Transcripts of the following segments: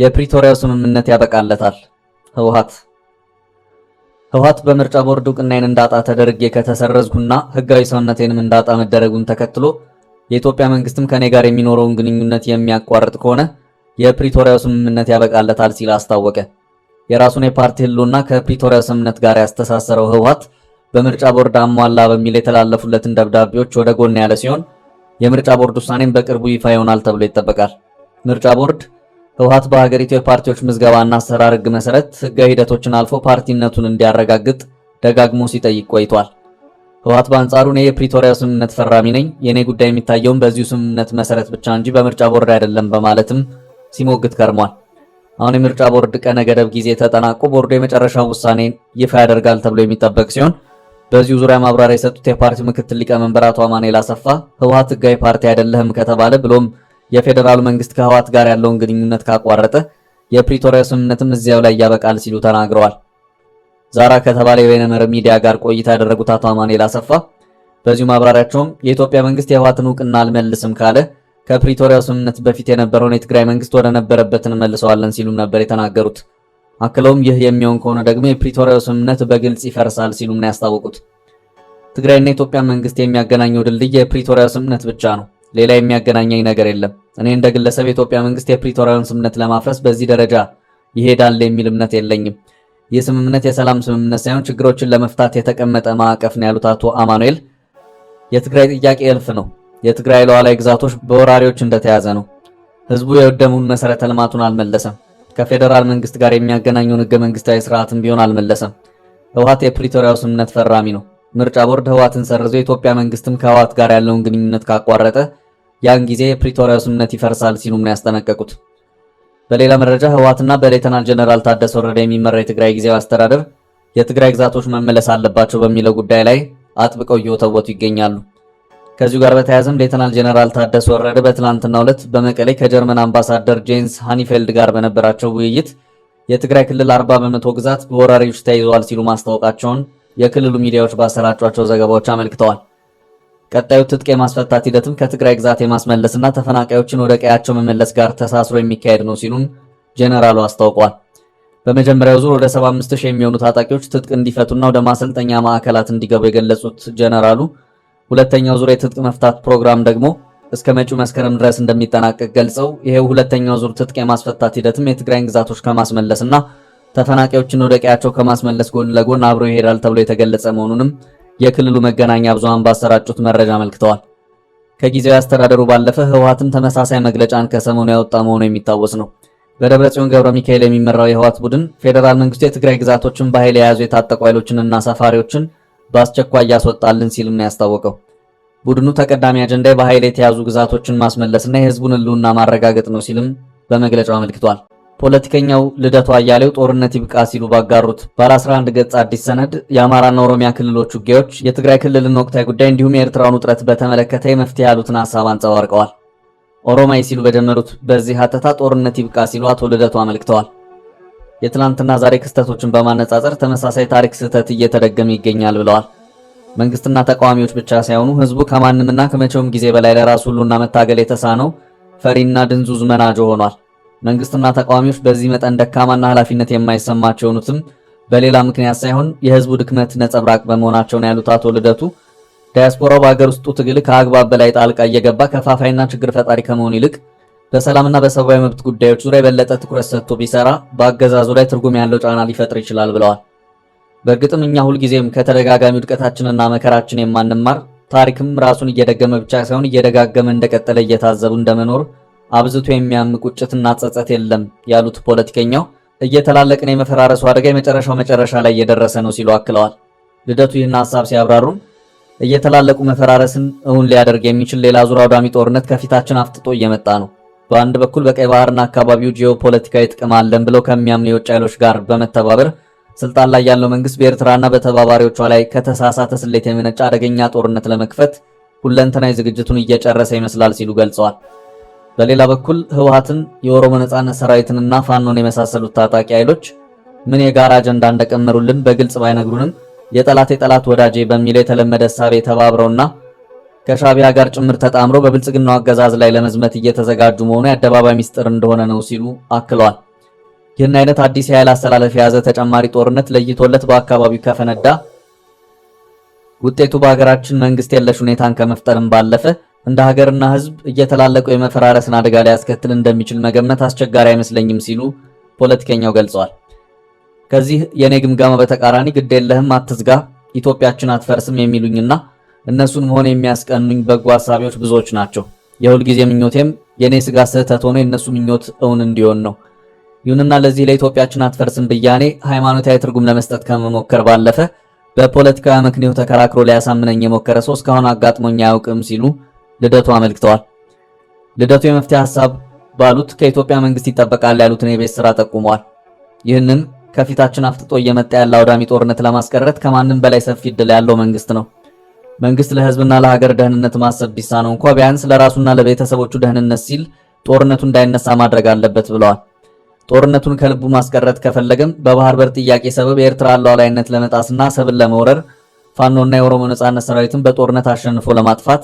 የፕሪቶሪያው ስምምነት ያበቃለታል። ህወሓት ህወሓት በምርጫ ቦርድ እውቅናዬን እንዳጣ ተደርጌ ከተሰረዝኩና ህጋዊ ሰውነቴንም እንዳጣ መደረጉን ተከትሎ የኢትዮጵያ መንግስትም ከኔ ጋር የሚኖረውን ግንኙነት የሚያቋርጥ ከሆነ የፕሪቶሪያው ስምምነት ያበቃለታል ሲል አስታወቀ። የራሱን የፓርቲ ህልውና ከፕሪቶሪያ ስምምነት ጋር ያስተሳሰረው ህወሓት በምርጫ ቦርድ አሟላ በሚል የተላለፉለትን ደብዳቤዎች ወደ ጎን ያለ ሲሆን የምርጫ ቦርድ ውሳኔም በቅርቡ ይፋ ይሆናል ተብሎ ይጠበቃል። ምርጫ ቦርድ ህወሓት በሀገሪቱ የፓርቲዎች ምዝገባና አሰራር ህግ መሰረት ህጋዊ ሂደቶችን አልፎ ፓርቲነቱን እንዲያረጋግጥ ደጋግሞ ሲጠይቅ ቆይቷል። ህወሀት በአንጻሩ እኔ የፕሪቶሪያ ስምምነት ፈራሚ ነኝ፣ የእኔ ጉዳይ የሚታየውም በዚሁ ስምምነት መሰረት ብቻ እንጂ በምርጫ ቦርድ አይደለም በማለትም ሲሞግት ከርሟል። አሁን የምርጫ ቦርድ ቀነ ገደብ ጊዜ ተጠናቆ ቦርዱ የመጨረሻው ውሳኔ ይፋ ያደርጋል ተብሎ የሚጠበቅ ሲሆን በዚሁ ዙሪያ ማብራሪያ የሰጡት የፓርቲው ምክትል ሊቀመንበር አቶ አማኑኤል አሰፋ ህወሀት ህጋዊ ፓርቲ አይደለህም ከተባለ ብሎም የፌዴራሉ መንግስት ከህዋት ጋር ያለውን ግንኙነት ካቋረጠ የፕሪቶሪያ ስምምነትም እዚያው ላይ ያበቃል ሲሉ ተናግረዋል። ዛራ ከተባለ የበይነመረብ ሚዲያ ጋር ቆይታ ያደረጉት አቶ አማኔል አሰፋ በዚሁ ማብራሪያቸውም የኢትዮጵያ መንግስት የህዋትን እውቅና አልመልስም ካለ ከፕሪቶሪያ ስምምነት በፊት የነበረውን የትግራይ መንግስት ወደ ነበረበት እንመልሰዋለን ሲሉም ነበር የተናገሩት። አክለውም ይህ የሚሆን ከሆነ ደግሞ የፕሪቶሪያ ስምምነት በግልጽ ይፈርሳል ሲሉም ነው ያስታወቁት። ትግራይና የኢትዮጵያ መንግስት የሚያገናኘው ድልድይ የፕሪቶሪያ ስምምነት ብቻ ነው። ሌላ የሚያገናኘኝ ነገር የለም። እኔ እንደ ግለሰብ የኢትዮጵያ መንግስት የፕሪቶሪያውን ስምምነት ለማፍረስ በዚህ ደረጃ ይሄዳል የሚል እምነት የለኝም። ይህ ስምምነት የሰላም ስምምነት ሳይሆን ችግሮችን ለመፍታት የተቀመጠ ማዕቀፍ ነው ያሉት አቶ አማኑኤል የትግራይ ጥያቄ እልፍ ነው። የትግራይ ሉዓላዊ ግዛቶች በወራሪዎች እንደተያዘ ነው። ህዝቡ የወደመውን መሰረተ ልማቱን አልመለሰም። ከፌዴራል መንግስት ጋር የሚያገናኘውን ህገ መንግስታዊ ስርዓትን ቢሆን አልመለሰም። ህወሓት የፕሪቶሪያው ስምምነት ፈራሚ ነው። ምርጫ ቦርድ ህወሓትን ሰርዞ የኢትዮጵያ መንግስትም ከህወሓት ጋር ያለውን ግንኙነት ካቋረጠ ያን ጊዜ ፕሪቶሪያ ስምምነት ይፈርሳል ሲሉም ነው ያስጠነቀቁት። በሌላ መረጃ ህወሓትና በሌተናል ጀነራል ታደሰ ወረደ የሚመራ የትግራይ ጊዜያዊ አስተዳደር የትግራይ ግዛቶች መመለስ አለባቸው በሚለው ጉዳይ ላይ አጥብቀው እየወተወቱ ይገኛሉ። ከዚሁ ጋር በተያያዘም ሌተናል ጀነራል ታደሰ ወረደ በትላንትናው ዕለት በመቀሌ ከጀርመን አምባሳደር ጄንስ ሃኒፌልድ ጋር በነበራቸው ውይይት የትግራይ ክልል 40 በመቶ ግዛት በወራሪዎች ተይዘዋል ሲሉ ማስታወቃቸውን የክልሉ ሚዲያዎች ባሰራጯቸው ዘገባዎች አመልክተዋል። ቀጣዩ ትጥቅ የማስፈታት ሂደትም ከትግራይ ግዛት የማስመለስና ተፈናቃዮችን ወደ ቀያቸው መመለስ ጋር ተሳስሮ የሚካሄድ ነው ሲሉም ጀነራሉ አስታውቋል። በመጀመሪያው ዙር ወደ 75 የሚሆኑ ታጣቂዎች ትጥቅ እንዲፈቱና ወደ ማሰልጠኛ ማዕከላት እንዲገቡ የገለጹት ጀነራሉ ሁለተኛው ዙር የትጥቅ መፍታት ፕሮግራም ደግሞ እስከ መጪው መስከረም ድረስ እንደሚጠናቀቅ ገልጸው ይሄው ሁለተኛው ዙር ትጥቅ የማስፈታት ሂደትም የትግራይን ግዛቶች ከማስመለስና ተፈናቃዮችን ወደ ቀያቸው ከማስመለስ ጎን ለጎን አብሮ ይሄዳል ተብሎ የተገለጸ መሆኑንም የክልሉ መገናኛ ብዙሃን ባሰራጩት መረጃ አመልክተዋል። ከጊዜያዊ አስተዳደሩ ባለፈ ህወሓትም ተመሳሳይ መግለጫን ከሰሞኑ ያወጣ መሆኑ የሚታወስ ነው። በደብረጽዮን ገብረ ሚካኤል የሚመራው የህወሓት ቡድን ፌዴራል መንግስቱ የትግራይ ግዛቶችን በኃይል የያዙ የታጠቁ ኃይሎችንና ሰፋሪዎችን በአስቸኳይ ያስወጣልን ሲልም ነው ያስታወቀው። ቡድኑ ተቀዳሚ አጀንዳ በኃይል የተያዙ ግዛቶችን ማስመለስና የህዝቡን ህልውና ማረጋገጥ ነው ሲልም በመግለጫው አመልክቷል። ፖለቲከኛው ልደቱ አያሌው ጦርነት ይብቃ ሲሉ ባጋሩት ባለ 11 ገጽ አዲስ ሰነድ የአማራና ኦሮሚያ ክልሎች ውጊያዎች፣ የትግራይ ክልልን ወቅታዊ ጉዳይ እንዲሁም የኤርትራን ውጥረት በተመለከተ የመፍትሄ ያሉትን ሀሳብ አንጸባርቀዋል። ኦሮማይ ሲሉ በጀመሩት በዚህ ሀተታ ጦርነት ይብቃ ሲሉ አቶ ልደቱ አመልክተዋል። የትላንትና ዛሬ ክስተቶችን በማነጻጸር ተመሳሳይ ታሪክ ስህተት እየተደገመ ይገኛል ብለዋል። መንግስትና ተቃዋሚዎች ብቻ ሳይሆኑ ህዝቡ ከማንምና ከመቼውም ጊዜ በላይ ለራሱ ሁሉና መታገል የተሳነው ፈሪና ድንዙዝ መናጆ ሆኗል። መንግስትና ተቃዋሚዎች በዚህ መጠን ደካማና ኃላፊነት የማይሰማቸው የሆኑትም በሌላ ምክንያት ሳይሆን የህዝቡ ድክመት ነጸብራቅ በመሆናቸው ነው ያሉት አቶ ልደቱ ዲያስፖራው በሀገር ውስጡ ትግል ከአግባብ በላይ ጣልቃ እየገባ ከፋፋይና ችግር ፈጣሪ ከመሆን ይልቅ በሰላምና በሰብአዊ መብት ጉዳዮች ዙሪያ የበለጠ ትኩረት ሰጥቶ ቢሰራ በአገዛዙ ላይ ትርጉም ያለው ጫና ሊፈጥር ይችላል ብለዋል። በእርግጥም እኛ ሁልጊዜም ከተደጋጋሚ ውድቀታችንና መከራችን የማንማር ታሪክም ራሱን እየደገመ ብቻ ሳይሆን እየደጋገመ እንደቀጠለ እየታዘቡ እንደመኖር አብዝቶ የሚያም ቁጭትና ጸጸት የለም ያሉት ፖለቲከኛው እየተላለቅን የመፈራረሱ አደጋ የመጨረሻው መጨረሻ ላይ እየደረሰ ነው ሲሉ አክለዋል። ልደቱ ይህን ሀሳብ ሲያብራሩም እየተላለቁ መፈራረስን እውን ሊያደርግ የሚችል ሌላ ዙር አውዳሚ ጦርነት ከፊታችን አፍጥጦ እየመጣ ነው። በአንድ በኩል በቀይ ባህርና አካባቢው ጂኦፖለቲካዊ ጥቅም አለን ብለው ከሚያምኑ የውጭ ኃይሎች ጋር በመተባበር ስልጣን ላይ ያለው መንግስት በኤርትራና በተባባሪዎቿ ላይ ከተሳሳተ ስሌት የሚነጭ አደገኛ ጦርነት ለመክፈት ሁለንተናዊ ዝግጅቱን እየጨረሰ ይመስላል ሲሉ ገልጸዋል። በሌላ በኩል ህወሓትን የኦሮሞ ነጻነት ሰራዊትንና ፋኖን የመሳሰሉት ታጣቂ ኃይሎች ምን የጋራ አጀንዳ እንደቀመሩልን በግልጽ ባይነግሩንም የጠላት የጠላት ወዳጄ በሚል የተለመደ እሳቤ ተባብረውና ከሻቢያ ጋር ጭምር ተጣምረው በብልጽግናው አገዛዝ ላይ ለመዝመት እየተዘጋጁ መሆኑ የአደባባይ ሚስጥር እንደሆነ ነው ሲሉ አክለዋል። ይህን አይነት አዲስ የኃይል አስተላለፍ የያዘ ተጨማሪ ጦርነት ለይቶለት በአካባቢው ከፈነዳ ውጤቱ በሀገራችን መንግስት የለሽ ሁኔታን ከመፍጠርም ባለፈ እንደ ሀገርና ህዝብ እየተላለቀው የመፈራረስን አደጋ ሊያስከትል እንደሚችል መገመት አስቸጋሪ አይመስለኝም ሲሉ ፖለቲከኛው ገልጸዋል። ከዚህ የኔ ግምገማ በተቃራኒ ግድ የለህም፣ አትዝጋ፣ ኢትዮጵያችን አትፈርስም የሚሉኝና እነሱን መሆን የሚያስቀኑኝ በጎ አሳቢዎች ብዙዎች ናቸው። የሁልጊዜ ምኞቴም የኔ ስጋ ስህተት ሆኖ የእነሱ ምኞት እውን እንዲሆን ነው። ይሁንና ለዚህ ለኢትዮጵያችን አትፈርስም ብያኔ ሃይማኖታዊ ትርጉም ለመስጠት ከመሞከር ባለፈ በፖለቲካዊ አመክንዮ ተከራክሮ ሊያሳምነኝ የሞከረ ሰው እስካሁን አጋጥሞኝ አያውቅም ሲሉ ልደቱ አመልክተዋል። ልደቱ የመፍትሄ ሀሳብ ባሉት ከኢትዮጵያ መንግስት ይጠበቃል ያሉትን የቤት ስራ ጠቁመዋል። ይህንን ከፊታችን አፍጥጦ እየመጣ ያለ አውዳሚ ጦርነት ለማስቀረት ከማንም በላይ ሰፊ እድል ያለው መንግስት ነው። መንግስት ለህዝብና ለሀገር ደህንነት ማሰብ ነው እንኳ ቢያንስ ለራሱና ለቤተሰቦቹ ደህንነት ሲል ጦርነቱ እንዳይነሳ ማድረግ አለበት ብለዋል። ጦርነቱን ከልቡ ማስቀረት ከፈለገም በባህር በር ጥያቄ ሰበብ የኤርትራ ሉዓላዊነት ለመጣስና ሰብል ለመውረር ፋኖና የኦሮሞ ነጻነት ሰራዊትን በጦርነት አሸንፎ ለማጥፋት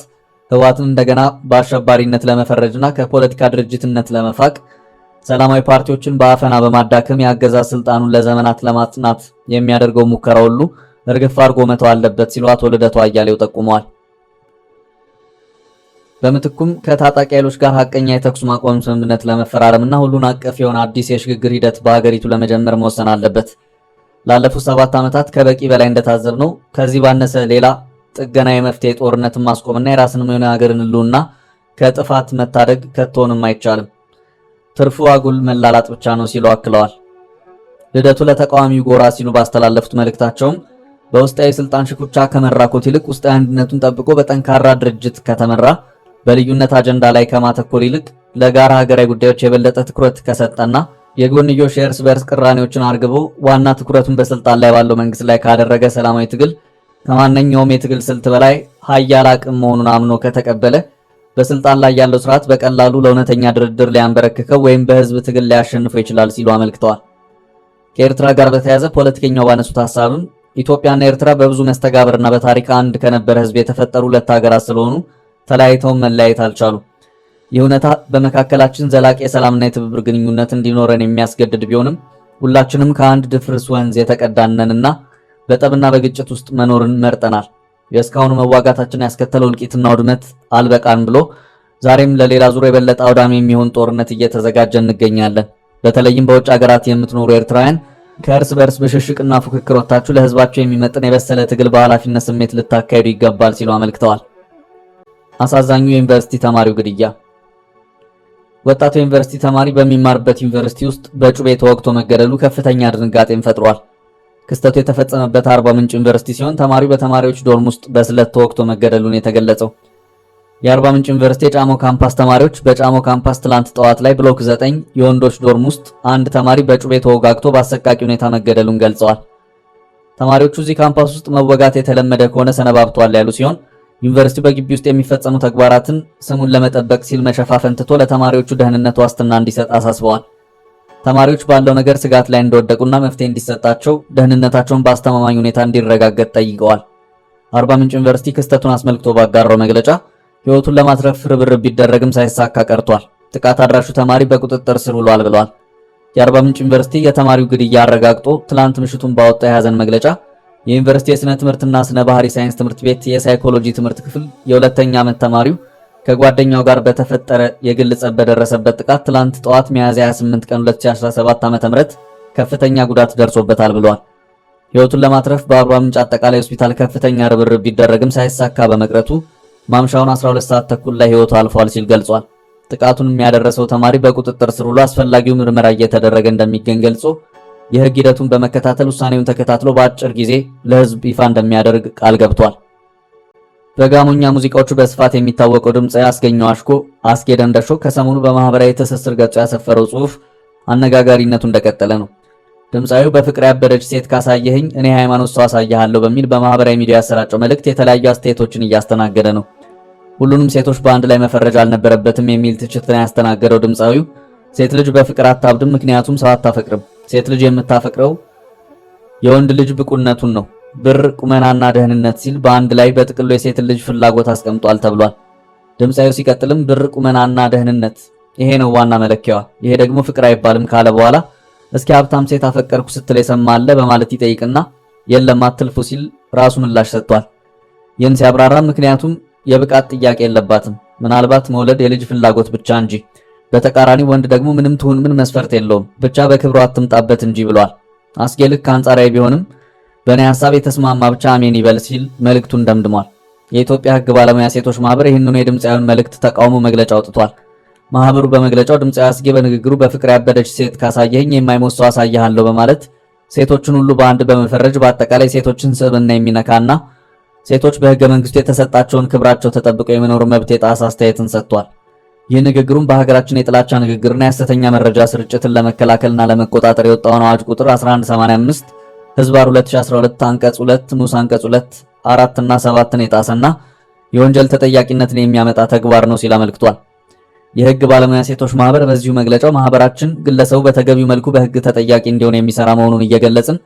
ህወሓትን እንደገና በአሸባሪነት ለመፈረጅና ከፖለቲካ ድርጅትነት ለመፋቅ ሰላማዊ ፓርቲዎችን በአፈና በማዳከም የአገዛዝ ስልጣኑን ለዘመናት ለማጽናት የሚያደርገው ሙከራ ሁሉ እርግፍ አድርጎ መተው አለበት ሲሉ አቶ ልደቱ አያሌው ጠቁመዋል። በምትኩም ከታጣቂ ኃይሎች ጋር ሀቀኛ የተኩስ ማቆም ስምምነት ለመፈራረምና ሁሉን አቀፍ የሆነ አዲስ የሽግግር ሂደት በሀገሪቱ ለመጀመር መወሰን አለበት። ላለፉት ሰባት ዓመታት ከበቂ በላይ እንደታዘብ ነው ከዚህ ባነሰ ሌላ ጥገና የመፍትሄ ጦርነትን ማስቆምና የራስን የሆነ ሀገርን ህልውና ከጥፋት መታደግ ከቶንም አይቻልም። ትርፉ አጉል መላላጥ ብቻ ነው ሲሉ አክለዋል። ልደቱ ለተቃዋሚ ጎራ ሲሉ ባስተላለፉት መልእክታቸውም በውስጣዊ ስልጣን ሽኩቻ ከመራኮት ይልቅ ውስጣዊ አንድነቱን ጠብቆ በጠንካራ ድርጅት ከተመራ በልዩነት አጀንዳ ላይ ከማተኮር ይልቅ ለጋራ ሀገራዊ ጉዳዮች የበለጠ ትኩረት ከሰጠና የጎንዮሽ የእርስ በእርስ ቅራኔዎችን አርግቦ ዋና ትኩረቱን በስልጣን ላይ ባለው መንግስት ላይ ካደረገ ሰላማዊ ትግል ከማንኛውም የትግል ስልት በላይ ሀያል አቅም መሆኑን አምኖ ከተቀበለ በስልጣን ላይ ያለው ስርዓት በቀላሉ ለእውነተኛ ድርድር ሊያንበረክከው ወይም በህዝብ ትግል ሊያሸንፈው ይችላል ሲሉ አመልክተዋል። ከኤርትራ ጋር በተያያዘ ፖለቲከኛው ባነሱት ሀሳብም ኢትዮጵያና ኤርትራ በብዙ መስተጋብርና በታሪክ አንድ ከነበረ ህዝብ የተፈጠሩ ሁለት ሀገራት ስለሆኑ ተለያይተው መለያየት አልቻሉ። ይህ እውነታ በመካከላችን ዘላቂ የሰላምና የትብብር ግንኙነት እንዲኖረን የሚያስገድድ ቢሆንም ሁላችንም ከአንድ ድፍርስ ወንዝ የተቀዳነንና በጠብና በግጭት ውስጥ መኖርን መርጠናል። የእስካሁኑ መዋጋታችን ያስከተለው እልቂትና ውድመት አልበቃን ብሎ ዛሬም ለሌላ ዙር የበለጠ አውዳሚ የሚሆን ጦርነት እየተዘጋጀ እንገኛለን። በተለይም በውጭ ሀገራት የምትኖሩ ኤርትራውያን ከእርስ በእርስ ብሽሽቅና ፉክክር ወጥታችሁ ለሕዝባችሁ የሚመጥን የበሰለ ትግል በኃላፊነት ስሜት ልታካሂዱ ይገባል ሲሉ አመልክተዋል። አሳዛኙ የዩኒቨርሲቲ ተማሪው ግድያ። ወጣቱ የዩኒቨርሲቲ ተማሪ በሚማርበት ዩኒቨርሲቲ ውስጥ በጩቤ ተወግቶ መገደሉ ከፍተኛ ድንጋጤን ፈጥሯል። ክስተቱ የተፈጸመበት አርባ ምንጭ ዩኒቨርሲቲ ሲሆን ተማሪው በተማሪዎች ዶርም ውስጥ በስለት ተወግቶ መገደሉን የተገለጸው የአርባ ምንጭ ዩኒቨርሲቲ የጫሞ ካምፓስ ተማሪዎች በጫሞ ካምፓስ ትላንት ጠዋት ላይ ብሎክ 9 የወንዶች ዶርም ውስጥ አንድ ተማሪ በጩቤ ተወጋግቶ በአሰቃቂ ሁኔታ መገደሉን ገልጸዋል። ተማሪዎቹ እዚህ ካምፓስ ውስጥ መወጋት የተለመደ ከሆነ ሰነባብቷል ያሉ ሲሆን ዩኒቨርሲቲው በግቢ ውስጥ የሚፈጸሙ ተግባራትን ስሙን ለመጠበቅ ሲል መሸፋፈን ትቶ ለተማሪዎቹ ደህንነት ዋስትና እንዲሰጥ አሳስበዋል። ተማሪዎች ባለው ነገር ስጋት ላይ እንደወደቁና መፍትሄ እንዲሰጣቸው ደህንነታቸውን በአስተማማኝ ሁኔታ እንዲረጋገጥ ጠይቀዋል። አርባ ምንጭ ዩኒቨርሲቲ ክስተቱን አስመልክቶ ባጋራው መግለጫ ሕይወቱን ለማትረፍ ርብርብ ቢደረግም ሳይሳካ ቀርቷል። ጥቃት አድራሹ ተማሪ በቁጥጥር ስር ውሏል ብለዋል። የአርባ ምንጭ ዩኒቨርሲቲ የተማሪው ግድያ አረጋግጦ ትላንት ምሽቱን ባወጣ የሐዘን መግለጫ የዩኒቨርሲቲ የሥነ ትምህርትና ስነ ባህሪ ሳይንስ ትምህርት ቤት የሳይኮሎጂ ትምህርት ክፍል የሁለተኛ ዓመት ተማሪው ከጓደኛው ጋር በተፈጠረ የግል ጸብ በደረሰበት ጥቃት ትላንት ጠዋት ሚያዝያ 28 ቀን 2017 ዓ.ም ከፍተኛ ጉዳት ደርሶበታል ብሏል። ሕይወቱን ለማትረፍ በአርባ ምንጭ አጠቃላይ ሆስፒታል ከፍተኛ ርብርብ ቢደረግም ሳይሳካ በመቅረቱ ማምሻውን 12 ሰዓት ተኩል ላይ ሕይወቱ አልፏል ሲል ገልጿል። ጥቃቱን የሚያደረሰው ተማሪ በቁጥጥር ስር ውሎ አስፈላጊው ምርመራ እየተደረገ እንደሚገኝ ገልጾ የህግ ሂደቱን በመከታተል ውሳኔውን ተከታትሎ በአጭር ጊዜ ለህዝብ ይፋ እንደሚያደርግ ቃል ገብቷል። በጋሞኛ ሙዚቃዎቹ በስፋት የሚታወቀው ድምፃዊ አስገኘው አሽኮ አስጌ ደንደሾ ከሰሞኑ በማህበራዊ ትስስር ገጹ ያሰፈረው ጽሁፍ አነጋጋሪነቱ እንደቀጠለ ነው። ድምፃዊው በፍቅር ያበደች ሴት ካሳየህኝ እኔ ሃይማኖት ሰው አሳያሃለሁ በሚል በማህበራዊ ሚዲያ ያሰራጨው መልእክት የተለያዩ አስተያየቶችን እያስተናገደ ነው። ሁሉንም ሴቶች በአንድ ላይ መፈረጅ አልነበረበትም የሚል ትችትን ያስተናገደው ድምፃዊው ሴት ልጅ በፍቅር አታብድም፣ ምክንያቱም ሰው አታፈቅርም። ሴት ልጅ የምታፈቅረው የወንድ ልጅ ብቁነቱን ነው። ብር፣ ቁመናና ደህንነት ሲል በአንድ ላይ በጥቅሉ የሴት ልጅ ፍላጎት አስቀምጧል ተብሏል። ድምፃዊው ሲቀጥልም ብር፣ ቁመናና ደህንነት ይሄ ነው ዋና መለኪያዋ፣ ይሄ ደግሞ ፍቅር አይባልም ካለ በኋላ እስኪ ሀብታም ሴት አፈቀርኩ ስትል የሰማለ በማለት ይጠይቅና የለም አትልፉ ሲል ራሱ ምላሽ ሰጥቷል። ይህን ሲያብራራ ምክንያቱም የብቃት ጥያቄ የለባትም ምናልባት መውለድ የልጅ ፍላጎት ብቻ እንጂ በተቃራኒ ወንድ ደግሞ ምንም ትሁን ምን መስፈርት የለውም ብቻ በክብሩ አትምጣበት እንጂ ብሏል። አስጌ ልክ አንጻራዊ ቢሆንም በእኔ ሀሳብ የተስማማ ብቻ አሜን ይበል ሲል መልእክቱን ደምድሟል። የኢትዮጵያ ሕግ ባለሙያ ሴቶች ማህበር ይህንኑ የድምፃዊን መልእክት ተቃውሞ መግለጫ አውጥቷል። ማህበሩ በመግለጫው ድምፃዊ አስጌ በንግግሩ በፍቅር ያበደች ሴት ካሳየኝ የማይሞት ሰው በማለት ሴቶችን ሁሉ በአንድ በመፈረጅ በአጠቃላይ ሴቶችን ስብዕና የሚነካና ሴቶች በህገ መንግስቱ የተሰጣቸውን ክብራቸው ተጠብቀው የመኖር መብት የጣሰ አስተያየትን ሰጥቷል። ይህ ንግግሩም በሀገራችን የጥላቻ ንግግርና የሐሰተኛ መረጃ ስርጭትን ለመከላከልና ለመቆጣጠር የወጣውን አዋጅ ቁጥር 1185 ህዝባር 2012 አንቀጽ 2 ንዑስ አንቀጽ 2 4 እና 7ን የጣሰና የወንጀል ተጠያቂነትን የሚያመጣ ተግባር ነው ሲል አመልክቷል። የህግ ባለሙያ ሴቶች ማህበር በዚሁ መግለጫው ማህበራችን ግለሰቡ በተገቢው መልኩ በህግ ተጠያቂ እንዲሆን የሚሰራ መሆኑን እየገለጽን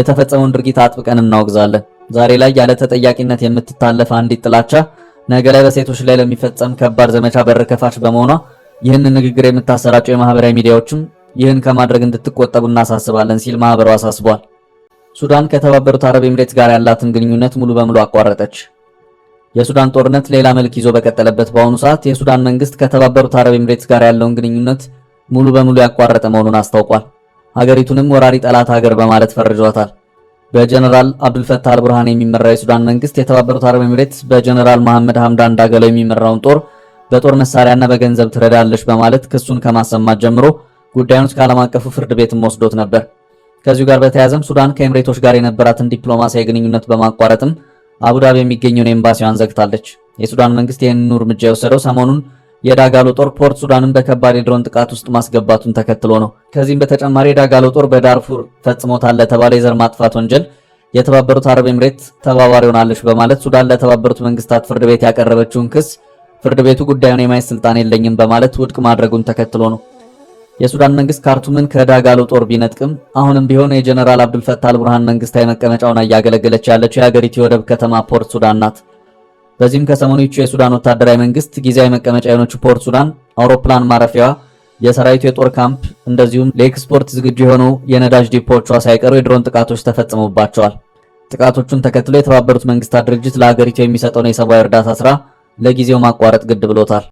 የተፈጸመውን ድርጊት አጥብቀን እናወግዛለን። ዛሬ ላይ ያለ ተጠያቂነት የምትታለፍ አንዲት ጥላቻ ነገ ላይ በሴቶች ላይ ለሚፈጸም ከባድ ዘመቻ በር ከፋች በመሆኗ ይህን ንግግር የምታሰራጨው የማህበራዊ ሚዲያዎችም ይህን ከማድረግ እንድትቆጠቡ እናሳስባለን ሲል ማህበሩ አሳስቧል። ሱዳን ከተባበሩት አረብ ኤምሬት ጋር ያላትን ግንኙነት ሙሉ በሙሉ አቋረጠች። የሱዳን ጦርነት ሌላ መልክ ይዞ በቀጠለበት በአሁኑ ሰዓት የሱዳን መንግስት ከተባበሩት አረብ ኤምሬት ጋር ያለውን ግንኙነት ሙሉ በሙሉ ያቋረጠ መሆኑን አስታውቋል። ሀገሪቱንም ወራሪ ጠላት ሀገር በማለት ፈርጇታል። በጀነራል አብዱልፈታህ አልቡርሃን የሚመራው የሱዳን መንግስት የተባበሩት አረብ ኤምሬት በጀነራል መሐመድ ሐምዳን ዳገሎ የሚመራውን ጦር በጦር መሳሪያና በገንዘብ ትረዳለች በማለት ክሱን ከማሰማት ጀምሮ ጉዳዩን እስከ ዓለም አቀፉ ፍርድ ቤትም ወስዶት ነበር። ከዚሁ ጋር በተያያዘም ሱዳን ከኤምሬቶች ጋር የነበራትን ዲፕሎማሲያዊ ግንኙነት በማቋረጥም አቡዳቢ የሚገኘውን ኤምባሲዋን ዘግታለች። የሱዳን መንግስት ይህንኑ እርምጃ የወሰደው ሰሞኑን የዳጋሎ ጦር ፖርት ሱዳንን በከባድ የድሮን ጥቃት ውስጥ ማስገባቱን ተከትሎ ነው። ከዚህም በተጨማሪ የዳጋሎ ጦር በዳርፉር ፈጽሞታል ለተባለ የዘር ማጥፋት ወንጀል የተባበሩት አረብ ኤምሬት ተባባሪ ሆናለች በማለት ሱዳን ለተባበሩት መንግስታት ፍርድ ቤት ያቀረበችውን ክስ ፍርድ ቤቱ ጉዳዩን የማየት ስልጣን የለኝም በማለት ውድቅ ማድረጉን ተከትሎ ነው። የሱዳን መንግስት ካርቱምን ከዳጋሎ ጦር ቢነጥቅም አሁንም ቢሆን የጀነራል አብዱልፈታል ብርሃን መንግስታዊ መቀመጫውን እያገለገለች ያለችው የሀገሪቱ የወደብ ከተማ ፖርት ሱዳን ናት። በዚህም ከሰሞኖቹ የሱዳን ወታደራዊ መንግስት ጊዜያዊ መቀመጫ የሆነች ፖርት ሱዳን አውሮፕላን ማረፊያዋ፣ የሰራዊቱ የጦር ካምፕ፣ እንደዚሁም ለኤክስፖርት ዝግጁ የሆኑ የነዳጅ ዲፖቿ ሳይቀሩ የድሮን ጥቃቶች ተፈጽመውባቸዋል። ጥቃቶቹን ተከትሎ የተባበሩት መንግስታት ድርጅት ለሀገሪቱ የሚሰጠውን የሰብአዊ እርዳታ ስራ ለጊዜው ማቋረጥ ግድ ብሎታል።